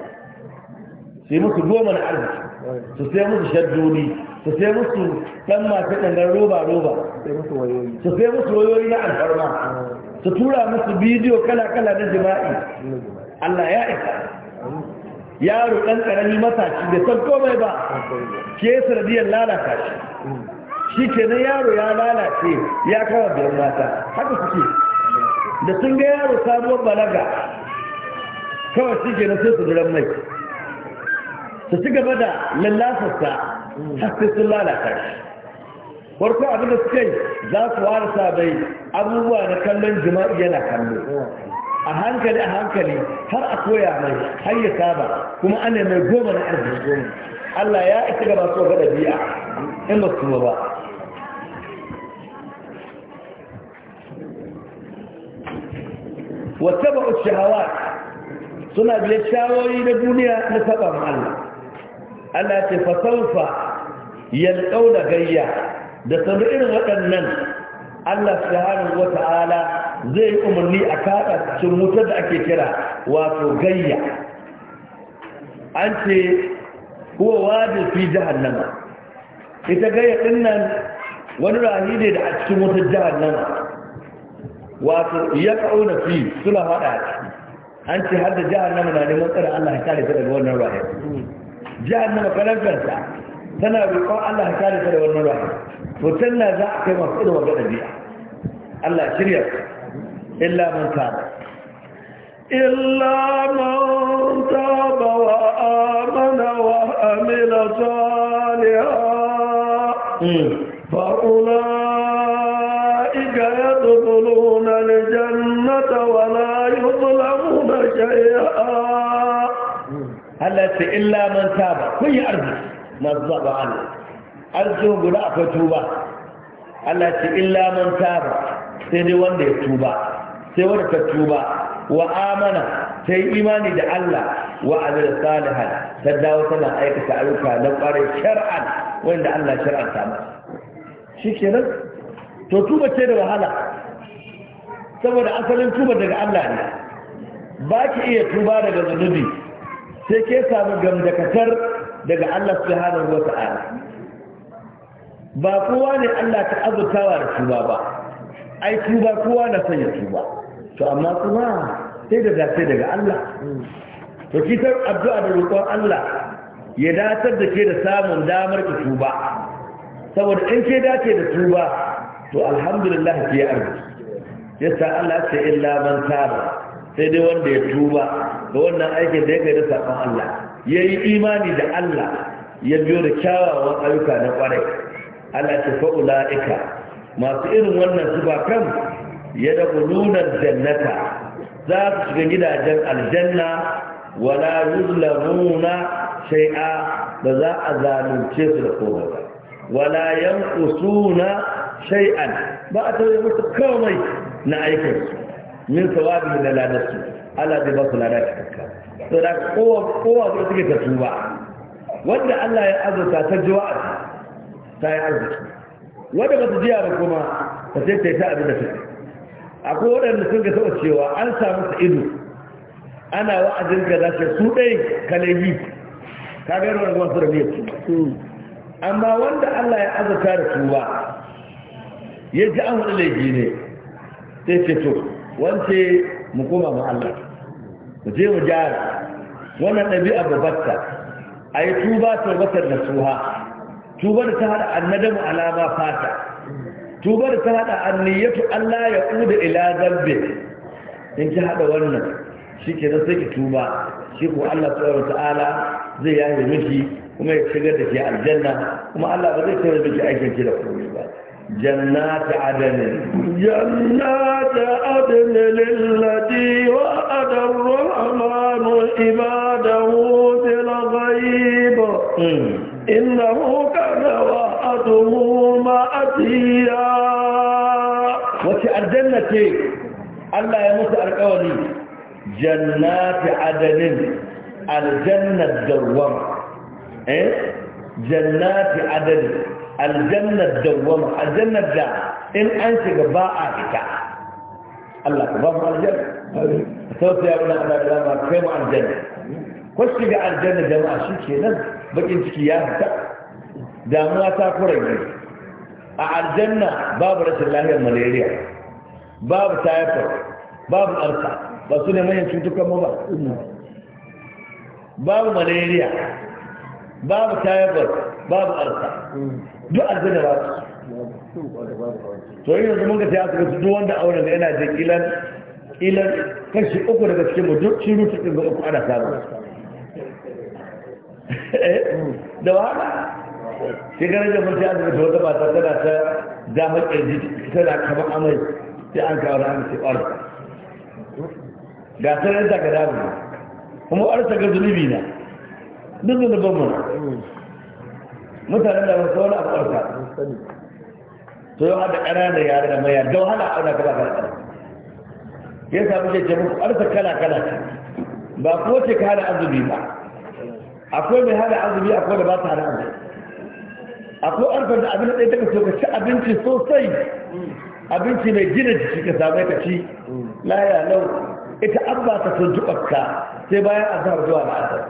Speaker 2: sai musu goma na arziki su sai musu shaddoni su sai musu ɗan masu ɗangar roba roba su sai musu wayoyi na alfarma su tura musu bidiyo kala kala na jima'i Allah ya isa yaro dan karami matashi da san komai ba ke sanadiyar lalata
Speaker 1: shi
Speaker 2: shi kenan yaro ya lalace ya kawo biyar mata haka suke da sun ga yaro sabuwar balaga kawai shi na sai su duran mai su ci gaba da lallasarsa har sai sun lalata shi farko abin da suka yi za su warasa bai abubuwa na kallon jima'i yana kallo a hankali a hankali har a koya mai har ya saba kuma an mai goma na arziki goma Allah ya isa gaba so ga ɗabi'a in ba su ba wata ba'u shahawa suna biya shawoyi na duniya na saba Allah Allah ce fa saufa yalqauna gayya da sabu irin waɗannan Allah subhanahu wata'ala zai umarni a kaɗa cikin wutar da ake kira wato gayya an ce kuwa wajin fi jahannama ita gayya din nan wani rahi ne da a cikin wutar jahannama wato ya kauna fi suna faɗa an ce har da jahannama na neman tsara Allah ya kare ta daga wannan rahi جاءنا مكانا سنة بقاء الله ثالثة لأولنا الواحد فتنى ذاك مفئل وقال بيئة الله شريك إلا من تاب
Speaker 1: إلا من تاب وآمن وأمن صالحا فأولئك يدخلون الجنة ولا يظلمون شيئا
Speaker 2: Allah ce illa man taba kun yi arziki masu zaɓa Allah arzikin guda akwai tuba Allah ce illa man taba sai dai wanda ya tuba sai wanda ta tuba wa amana ta yi imani da Allah wa da salihan ta dawo tana aikata ayyuka na ƙwarai shar'an wanda Allah shar'anta masa shi nan to tuba ce da wahala saboda asalin tuba daga Allah ne ba ki iya tuba daga zunubi sai ke samu gamdakatar daga Allah subhanahu wa ta'ala ba kowa ne Allah ta azurtawa da tuba ba ai tuba kowa na sanya tuba to amma kuma sai da dace daga Allah to kitar addu'a da roƙon Allah ya datar da ke da samun damar ki tuba saboda in ke dace da tuba to alhamdulillah ke arziki yasa Allah ce illa man taba sai dai wanda ya tuba da wannan aikin da ya kai da saƙon Allah ya yi imani da Allah ya biyo da kyawawan ayyuka na kwarai. Allah ce fa'ula'ika masu irin wannan su ba kan ya da nunar jannata za su shiga gidajen aljanna wala yuzlamuna shai'a da za a zalunce su da kowa wala yan yanqusuna shai'an ba a tare musu komai na aikinsu min sawabi da ladarsu Allah zai ba su lada kakka to da kowa kowa zai suke ta tuba wanda Allah ya azurta ta ji wa'azi ta yi arziki wanda ba su jiya ba kuma ta ce ta yi ta abin da suke akwai waɗanda sun ga cewa an samu su ido ana wa'azin ka zace su ɗai kalayi ka ga wani wasu da biyar amma wanda Allah ya azurta da tuba ya ji an wani laifi ne sai ce to wance mu koma mu Allah mu je mu gyara wannan ɗabi'a Abu a yi tuba taubatar da suha tuba ta hada annadamu alama fata tuba ta hada anniyatu Allah ya ƙuda ila zambe in ki haɗa wannan shi ke nan sai ki tuba shi ko Allah tsawon ta'ala zai yaye miki kuma ya shigar da ke aljanna kuma Allah ba zai tsawon miki aikin ki da komai ba جنات عدن
Speaker 1: جنات عدن للتي وعد الرحمن عباده بالغيب إنه كان وعده مأتيا وفي
Speaker 2: الجنة الله يموت القوم جنات عدن الجنة الدوام إيه؟ جنات عدن aljannar dawwama aljannar da in an shiga ba a fita Allah ka ba mu aljanna to sai mun ana da ma kai mu aljanna ko shiga aljanna jama'a shi kenan bakin ciki ya fita damuwa ta kurege a aljanna babu rashin lafiyar malaria babu typhoid babu arsa ba su ne manyan cutukan mu ba babu malaria babu typhoid babu arsa duk aljanna ba
Speaker 1: su to yi yanzu
Speaker 2: mun ga sai aka duk wanda a auren da yana da kilan kilan kashi uku daga cikin mu duk shiru cikin ga uku ana samu eh? da wahala shekarar da mun sai aka wata mata tana ta damar kirji tana kama amai sai an kawo rana sai arsa ga sanar da ga damu kuma arsa ga zunubi na duk zunuban mu mutanen da wasu wani abu ɗauka to yau hada ƙana da yare da mayar da wahala a wani kala kala ya sami ce ce muku arsa kala kala ce ba ko ce ka hana azumi ba akwai mai hana azumi akwai da ba ta hana azumi akwai arfar da abin da ɗaya daga soka ci abinci sosai abinci mai gina jiki ka samu ka ci laya lau ita an ba ta sun juɓarka sai bayan azhar zuwa la'asar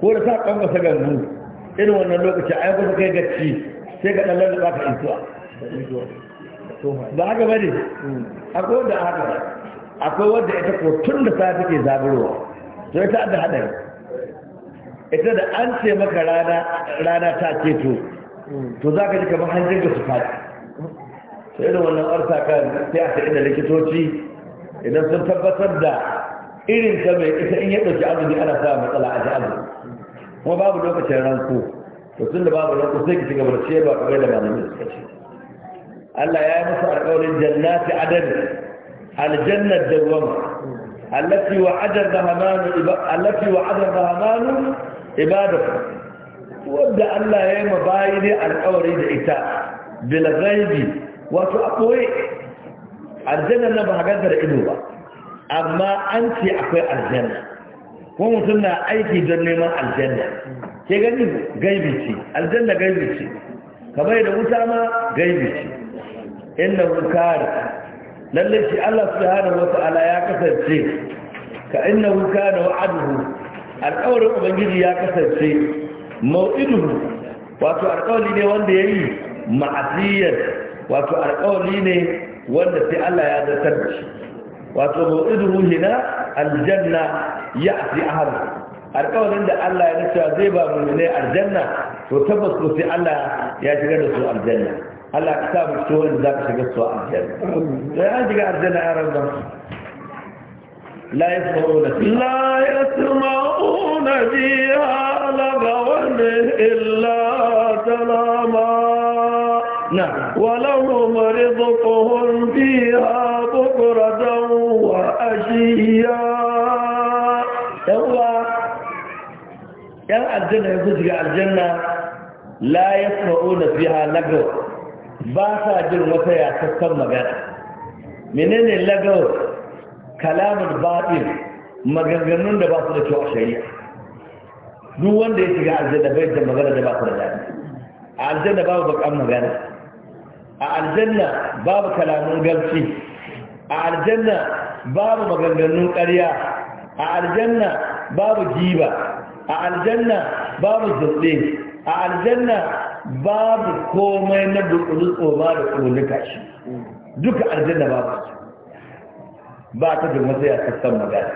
Speaker 2: ko da sa ƙan sa gangu irin wannan lokacin a ba kai gaci sai ka dallar da ka intuwa ba haka bari akwai wanda haka ba akwai wanda ita ko tun da safe ke zaburowa to ita da haɗari ita da an ce maka rana rana ta ceto to za ka ji kamar hanjin ka su fadi to irin wannan arsa kan sai a ta inda likitoci idan sun tabbatar da irin ta mai ita in ya ɗauki azumi ana sa matsala a ji azumi kuma babu lokacin ranku to tun da babu ranku sai ki shiga barce ba kamar da malamin suka ce Allah ya yi masa alƙawarin jannati adan aljannat dawama allati wa'ada rahmanu allati da rahmanu ibadatu wanda Allah ya yi mabayi ne alƙawari da ita bil ghaibi wato akwai aljanna na ba ga da ido ba amma an ce akwai aljanna ko mutum na aiki don neman aljanna ke gani gaibi ce aljanna gaibi ce kamar da wuta ma gaibi ce inda hukari lallai shi Allah subhanahu wasu ala ya kasance ka inna hukari wa'aduhu alƙawarin ubangiji ya kasance mau'iduhu wato alƙawari ne wanda ya yi Ma'aziyar. wato alƙawari ne wanda sai Allah ya zartar da shi wato mau'iduhu hina aljanna ya'ti ahadu alƙawarin da Allah ya nace zai ba mu ne aljanna to tabbas ko sai Allah ya shiga da su aljanna Allah ka sa mu cikin wanda za ka shiga su aljanna to ya shiga aljanna ya rabba لا يسمعون فيها
Speaker 1: لا يسمعون فيها لغوا إلا سلاما نعم ولهم رزقهم فيها بكرة وأشياء aljanna ya
Speaker 2: shiga aljanna la ya na fiha lagos ba sa jin wata yasassan magana menene lagos kalamun batil maganganun da ba su da kyau a shari'a duk wanda ya shiga aljanna bai da magana da ba su da daɗi a aljanna babu bakan magana a aljanna babu kalamun gamsi a aljanna babu maganganun ƙarya a aljanna babu jiba. a aljanna babu zurɗe a aljanna babu komai na burkulu ba da tsoluka shi duka aljanna babu ba ta da matsayi ya sassan magana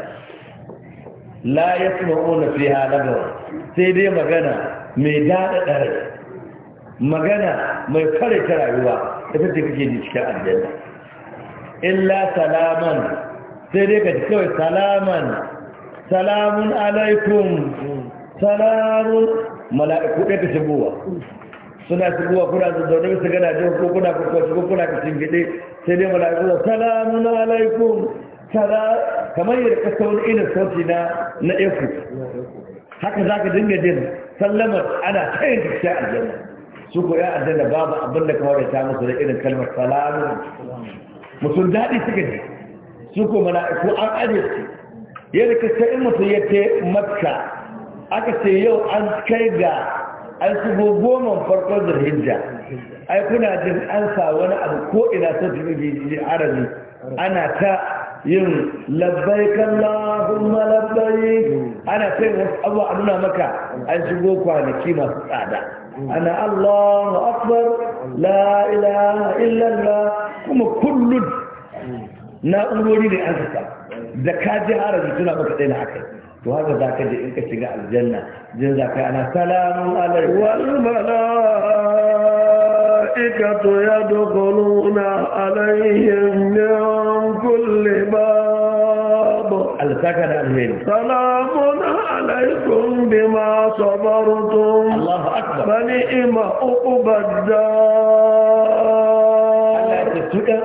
Speaker 2: la ya fi ma'una fi halagawa sai dai magana mai daɗa ɗare magana mai kare ta rayuwa da ce kake ji cikin aljanna illa salaman sai dai ka ji kawai salaman salamun alaikum Salamu. mala'iku ɗaya ta shigowa suna shigowa kuna zaune su gana jin ko kuna kwakwaci ko kuna kashin gide sai dai mala'iku da salamun alaikum sala kamar yadda ka sauri irin sauti na na eku haka za ka dinga jin sallamar ana tayin ta cikin aljanna su ko ya aljanna babu abin da kawai ta musu da irin kalmar salamun mutum daɗi suka ji su ko mala'iku an ajiye yadda ka sai in mutum ya ce makka aka ce yau an kai ga an shigo goma da hijja ai kuna jin an sa wani abu ko ina so ta yi arabi ana ta yin labbaik Allahumma labbaik ana ta yin abu a nuna maka an shigo kwanaki masu tsada ana Allahu akbar la ilaha illallah kuma kullun na'urori ne an sa da kaji arabi suna maka ɗaya na akai وهذا ذاك دي انك تجا الجنة جنة كان انا
Speaker 1: سلام عليك والملائكة يدخلون عليهم من كل باب السكن المين سلام عليكم بما صبرتم الله أكبر فنئم أقب الدار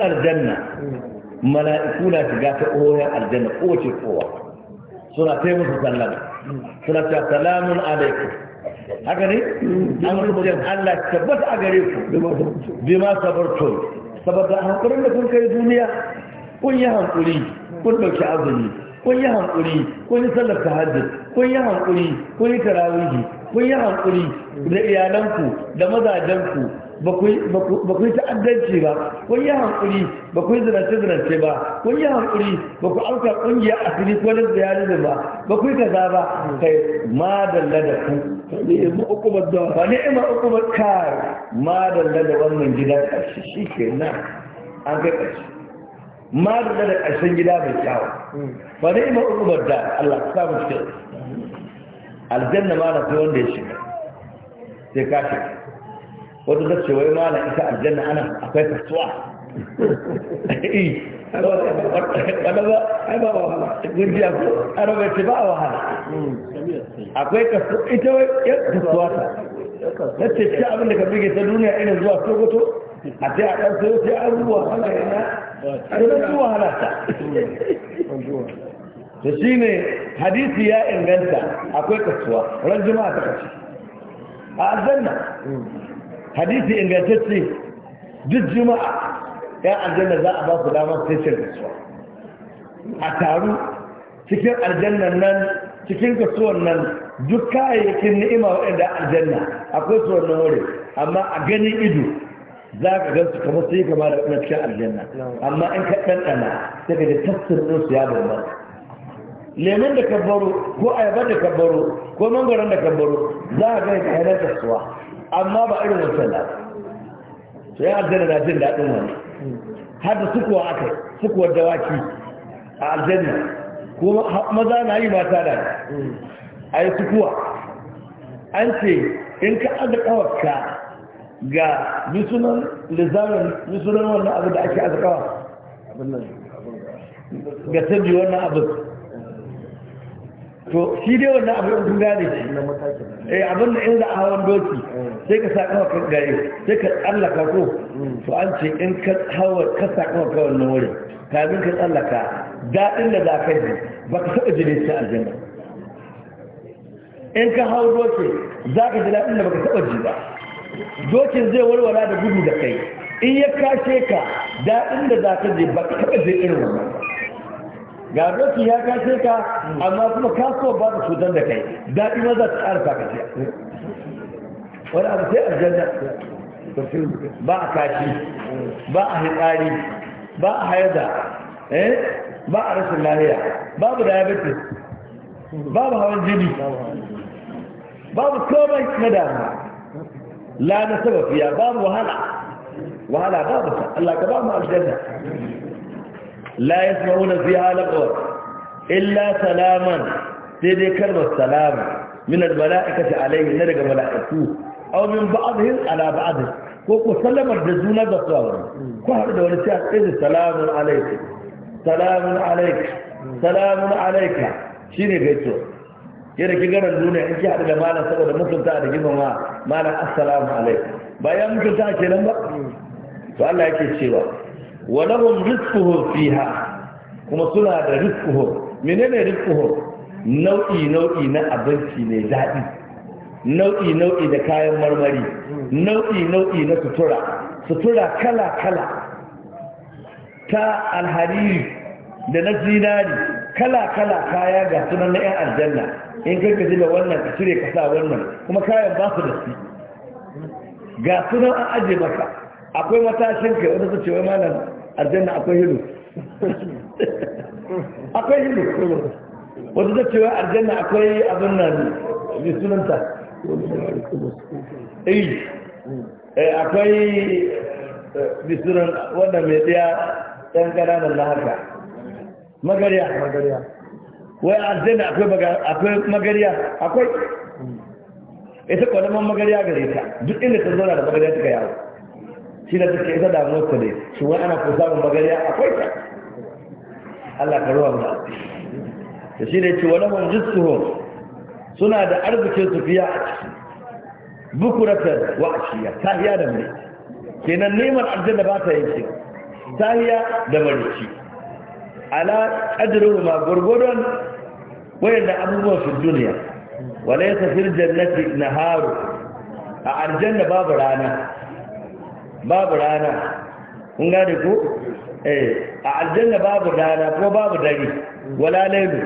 Speaker 2: الجنة ملائكونا تجاك أوه الجنة أوه تجاك suna ta yi musu sallama suna ta salamun alaikum haka ne an rubuta Allah tabbata a gare ku bima sabarto saboda hankulin da kun kai duniya kun yi hankuli kun dauki azumi kun yi hankuli kun yi sallar tahajjud kun yi hankuli kun yi tarawihi kun yi hankuli da iyalanku da mazajenku ba ku yi ta'addanci ba kun yi hankuri ba ku yi zinace-zinace ba kun yi hankuri ba ku auka ƙungiya a fili ko na ziyarism ba ba ku yi za ba kai ma da ku ma uku ba zuwa ba ma uku ba kai ma da wannan gida ƙarshe shi ke nan an kai ƙarshe ma da ƙarshen gida mai kyawa ba ma uku ba da Allah ta samu cikin aljanna ma da wanda ya shiga sai ka shiga wata ta ce wai ma na ita aljanna ana akwai kasuwa eh, ba wahala akwai ita wai kasuwa ta ta ce ce abin da ka bige ta duniya irin zuwa sokoto a ce a ɗan sayo sai yana a da shi ne hadisi ya inganta akwai kasuwa ta a aljanna hadisi ingantacce duk juma'a ya aljanna za a ba su damar station kasuwa a taru cikin aljannan nan cikin kasuwan nan duk kayayyakin ni'ima waɗanda aljanna akwai su wannan wuri amma a ganin ido za ka gansu kamar sai kama da wani cikin aljanna amma in ka ɗanɗana sai ka ji tafsir su ya bambam. lemun da kabbaro ko ayaba da kabbaro ko mangaron da kabbaro za a ga yanar kasuwa amma ba irin wancan da to ya aljanna na jin daɗin wani har da sukuwa aka sukuwar dawaki a aljanna ko maza na yi mata da a yi sukuwa an ce in ka aza kawarka ga misunan lizarin misunan wannan abu da ake aza kawar ga sabi wannan abu to shi dai wannan abin da duga ne shi eh abin da in za a hawan doki eh. sai ka sa kawa kan sai ka tsallaka ko mm. to an ce in ka hawa ka sa kawa kan wannan wuri kafin ka tsallaka daɗin da za ka ji ba ka taɓa jini a aljanna in ka hawa doki za ka ji daɗin da ba ka taɓa ji ba dokin zai warware da gudu da kai in ya kashe ka daɗin da za ka ji ba ka taɓa jin irin wannan ga doki ya kashe ka amma kuma kasuwa ba ta cutar da kai daɗi ma za ta ƙara ka kashe wani abu sai aljanna ba a kashi ba a hitsari ba a hayaza eh? ba a rashin lahiya babu diabetes babu hawan jini babu komai na damuwa la na sabafiya babu wahala wahala babu ta Allah ka ba mu aljanna la yasmauna fiha lagwa illa salaman sai dai kalmar salama min almala'ikati alaihi na daga mala'iku aw min ala ba'dih ko ku sallamar da juna ga ko haɗu da wani sai a tsaye salamun salamun salamun alaika yadda ki garan duniya in ki haɗu da malam saboda mutunta da girmama malam assalamu alaikum bayan mutunta kenan ba to Allah yake cewa wa lahum rizquhum fiha kuma suna da rizquhum menene rizquhum nau'i nau'i na abinci mai daɗi nau'i nau'i da kayan marmari nau'i nau'i na sutura sutura kala kala ta alhariri da na zinari kala kala kaya ga sunan na 'yan aljanna in ka kanka zuba wannan ka cire ka sa wannan kuma kayan ba su da su ga sunan an aje maka akwai matashin kai wanda su ce wai malam aljanna akwai hilo akwai hilo wata da cewa aljanna akwai abin nan mai sunanta eh, eh akwai bisunan eh, wanda mai tsaya ɗan ƙananan na haka magariya wai aljanna akwai magariya akwai ita kwanaman magariya gare ta duk inda ta zauna da magariya suka yawo shi da take ita damuwar ta ne shi wani ana kusa mun bagariya akwai ta Allah ka ruwa mu da shi ne ci wani mun jisuhu suna da arzikin su fiya a ciki bukuratar wa ashiya tahiya da mai kenan neman da ba ta yanke tahiya da marici ala qadru ma gurgurun wayanda abubuwan su duniya wala tafi jannati naharu a arjanna babu rana babu rana kun gane ko eh a aljanna babu rana ko babu dare wala lailu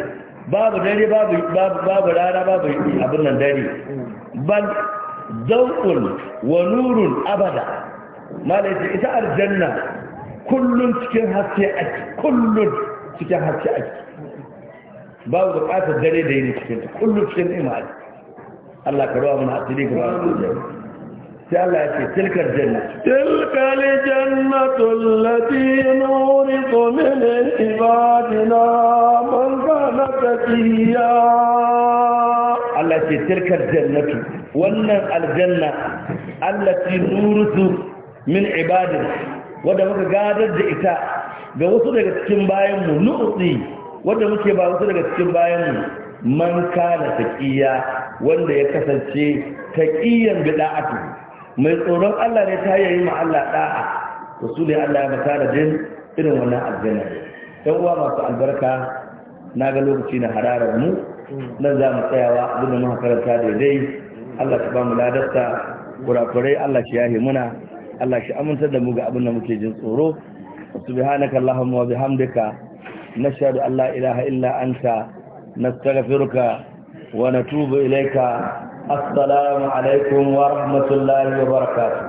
Speaker 2: babu dare babu babu rana babu abin nan dare bal zaukun wa nurun abada malaita ita aljanna kullun cikin haske ake kullun cikin haske ake babu bukatar dare da yini cikin kullun cikin imani Allah ka rawa mana asiri ga babu التي تلك الجنة
Speaker 1: تلك الجنة التي نورث من عبادنا من كان تقيا
Speaker 2: التي تلك الجنة وأن الجنة التي نورث من عبادنا wadda muka gadar da ita ga wasu daga cikin bayan mu nuudi wadda muke ba wasu daga cikin bayan mu man kana taqiya wanda ya kasance taqiyan bida'atu mai tsoron Allah ne ta yayi ma Allah da'a to su ne Allah ya mata da din irin wannan aljanna ɗan uwa masu albarka na ga lokaci na hararar mu nan za mu tsayawa abin da muka karanta daidai Allah ta ba mu ladarsa kurakurai Allah shi yahe muna Allah shi amintar da mu ga abin da muke jin tsoro subhanaka allahumma wa bihamdika nashhadu an la ilaha illa anta nastaghfiruka wa natubu ilayka السلام عليكم ورحمة الله وبركاته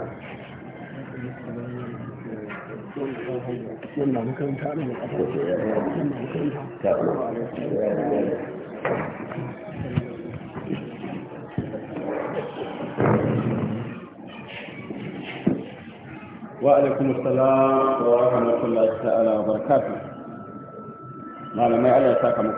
Speaker 2: وعليكم السلام ورحمة الله تعالى وبركاته ما لم يعلم